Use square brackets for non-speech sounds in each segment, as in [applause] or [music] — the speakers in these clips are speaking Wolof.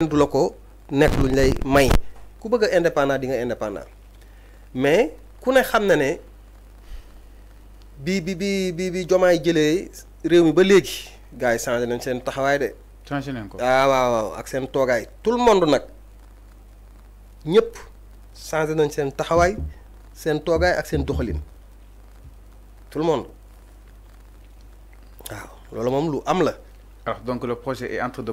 du la ko nekk luñ lay may ku bëgg a indépendant di nga indépendant mais ku ne xam na ne bi bi bi bi bi jomaay jëlee réew mi ba léegi gars yi changé nañ seen taxawaay de. changé nañ ko ah waaw waaw ak seen toogaay tout le monde nag ñëpp changé nañ seen taxawaay seen toogaay ak seen doxalin tout monde waaw loolu moom lu am la. Alors, ah. donc le projet est entre de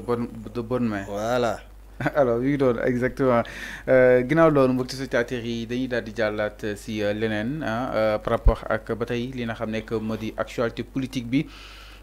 bonnes, mains. Voilà. [laughs] alors exactement euh, Ginaw loolu mbokk ci spectateurs yi dañuy daal di jàllaat si euh, leneen ah, euh, par rapport à la bataille, li nga xam une actualité politique bi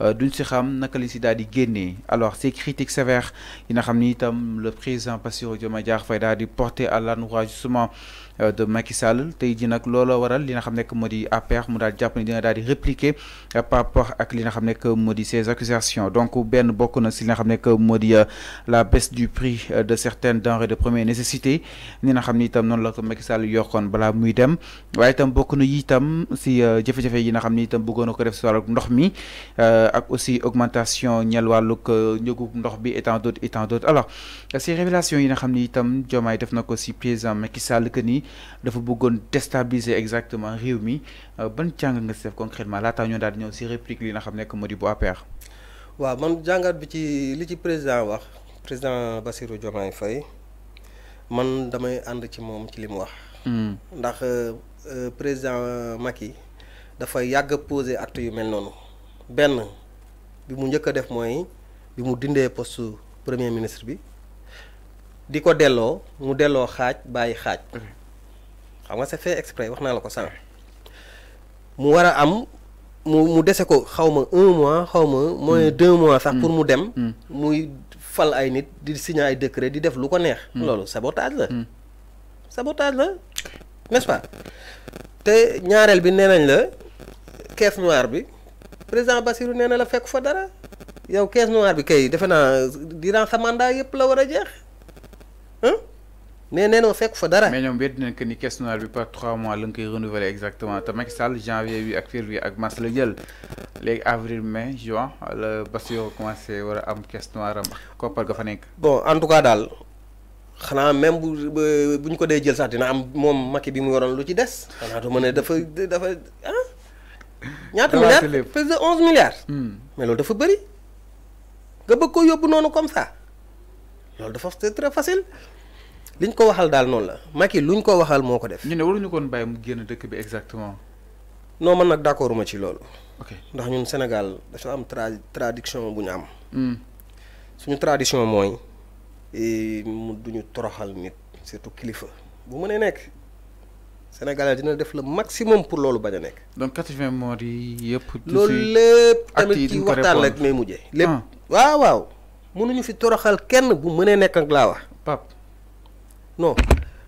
Euh, duñ si xam naka li si di génnee alors ces critiques sévères il n'a ramené le président Bassirou Diomaye Diakhar Faye daal di porter à l'entourage justement euh, de Macky Sall tey jii nag loola waral li n'a xam que modi di APR mu daal jàpp ne dina di répliquer euh, par rapport ak li n'a ramené que modi ces accusations donc au bokk na si li n'a xam que moo la baisse du prix de certaines denrées de première nécessité ni n'a xam tam non la ko Macky Sall yokkoon bala muy dem waaye itam bokk na itam si jafe-jafe yi nga xam ni itam bëggoon na ko def si ndox mi. Euh, aussi augmentation euh, d'autres d'autres alors ces révélations yi nga xamni itam jomay def nako président que ni déstabiliser exactement euh, ban concrètement daal réplique li président wax président Bassirou man damay ci ci hmm. président Macky poser acte yu mel bi mu njëkk a def bi mu poste premier ministre bi di ko delloo mu bay xaaj bàyyi sefe mhm. xam nga c'est fait exprès wax la ko sànq mu war am mu mu dese ko xaw ma mois xaw ma mhm. mois sax mhm. pour mu dem muy fal ay nit di signer ay décret di def lu ko neex loolu sabotage la sabotage la n'est-ce pas te ñaareel bi nee la caisse noire bi président Bassirou nee la fekk fa dara yow caisse noire bi kay defena naa durant sa mandat yep la wara jeex hein mais nee na fekk fa dara. mais ñom wéd nañ que ni caisse noire bi pas 3 mois la nga koy renouveler exactement te Macky Sall janvier bi ak février ak mars la jël léegi avril mai juin le Bassirou commencé wara am caisse noire am ko par ga fa nek bon en tout cas dal xana même buñ ko dee jël sax dina am mom Macky bi mu yoroon lu ci dess xana du ma dafa dafa ah. ñaata milliards plus de onze milliards hmm. mais loolu dafa bëri nga bëgg ko yóbbu noonu comme ça loolu dafa c'est très facile li ñu ko waxal daal noonu la Macky lu ñu ko waxal moo ko def ñu ne waruñu koon bàyyi mu génn dëkk bi exactement non man nag d'accord ma ci loolu ndax ñun Sénégal dafa am tra tradition bu ñu am hmm. suñu tradition mooy eh, mu duñu toroxal nit surtout kilifa bu mënee nekk Sénégalais dina def le maximum pour loolu bañ a nekk. donc quatre-vingts morts yi yëpp. loolu lépp tamit ci waxtaan rek may mujjee. lépp ah. waaw waaw. mënuñu fi toroxal kenn bu mënee nekk ak laa wax. Pape non.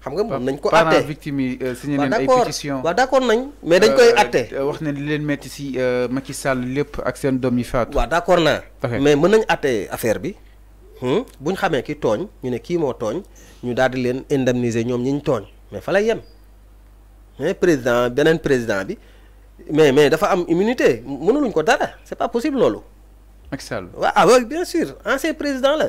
xam nga nañ ko àttee parents victimes yi euh, signé nañ ay pétitions nañ mais dañ koy àttee euh, euh, wax ne leen metti si Macky Sall lépp ak seen doom yi faatu waaw d' accord naa mais mën nañ àttee affaire bi hmm? buñ xamee ki tooñ ñu ne kii moo tooñ ñu daal di leen indemniser ñoom ñi ñu tooñ mais fa lay yem un hein, président un président bi mais mais dafa am immunité mënuluñ ko dara c'est pas possible lolo Macky ah bien sûr ancien président là,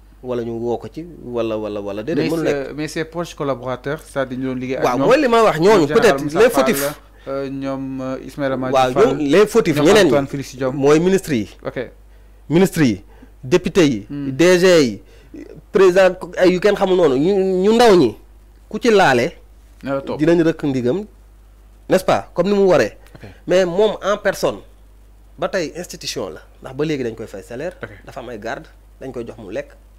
wala ñu woo ko ci wala wala wala de mënu nekk mais ses proches collaborateurs c'est-à-dire ñu doon liggéey ak ñoom waaw mooy li ma wax ñooñu peut-être euh, euh, les fautifs ñoom Ismaïla Madior Fall waaw les fautifs ñeneen ñi mooy ministre yi ok ministre yi député yi hmm. DG yi président ay yu kenn xamul noonu ñu ñu ndaw ñi ku ci laale dinañ rëkk ndigam n'est-ce pas comme ni mu waree mais moom en personne ba tey institution la ndax ba léegi dañ koy fay salaire dafa am ay garde dañ koy jox mu lekk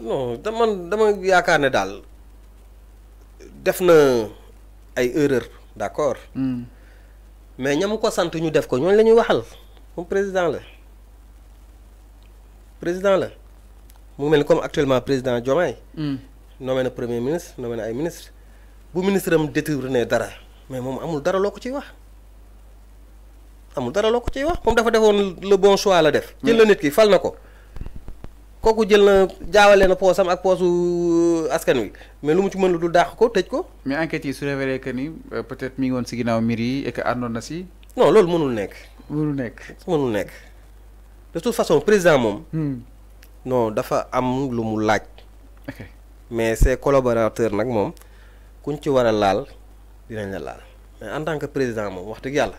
non dama dama yaakaar ne daal def na ay erreur d'accord. Hmm. mais ñam ko sant ñu def ko ñooñ la ñuy waxal moom président la président la mu mel ni comme actuellement président Diomaye. Hmm. nommé na premier ministre nommé na ay ministre bu ministre am détourné dara mais moom amul dara loo ko ciy wax amul dara loo ko ciy wax moom dafa defoon le bon choix la def. jël la hmm. nit ki fal na ko. kooku jël na jaawale na poosam ak poosu euh, askan wi mais lu mu ci mën lu dul dàq ko tëj ko. mais enquête yi su révélé que ni euh, peut-être mi si ginnaaw mbir yi et que àndoon na si. non loolu mënul nekk. mënul nekk mënul nekk de toute façon président moom. Hmm. non dafa am lu mu laaj. mais ses collaborateurs nag moom kuñ ci war a laal dinañ la laal mais en tant que président moom wax dëgg yàlla.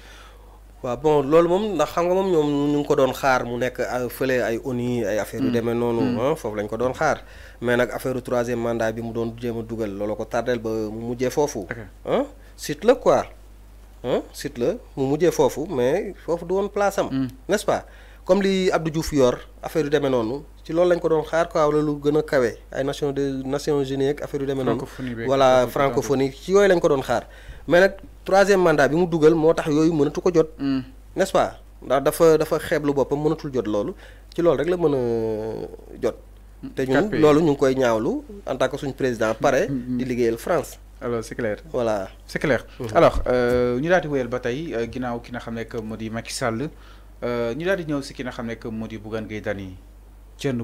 waaw bon loolu moom ndax xam nga moom ñoom ñu ngi ko doon xaar mu nekk euh, fële ay ONU affaire mm. demee noonu mm. foofu lañ ko doon xaar mais nag affaire troisième mandat bi mu doon jéem dugal loolu ko tàrdel ba mu mujjee foofu ah site la quoi ah site la mu mujjee foofu mais foofu du woon place am mm. nest pas comme li Abdou Diouf yor affaire yu demee noonu ci loolu lañ ko doon xaar quoi wala lu gën a kawe ay nations de nations unies ak affaire yu demee noonu voilà francophonie ci yooyu lañ ko doon xaar mais nag troisième mandat bi mu dugal moo tax yooyu mënatu ko jot. Mm. n'est-ce pas ndax dafa dafa xeeblu boppam mënatul jot loolu ci loolu rek la mën a euh, jot. Mm, te ñun loolu ñu ngi koy ñaawlu en tant que suñu président pare. Mm, di liggéeyal France. alors c'est clair voilà c'est clair. Mm-hmm. Euh, ñu daal di wéyal ba tey euh, ginnaaw ki nga xam ne moo di Macky Sall ñu daal di ñëw si ki na xam ne moo di Bougane Gueye Dany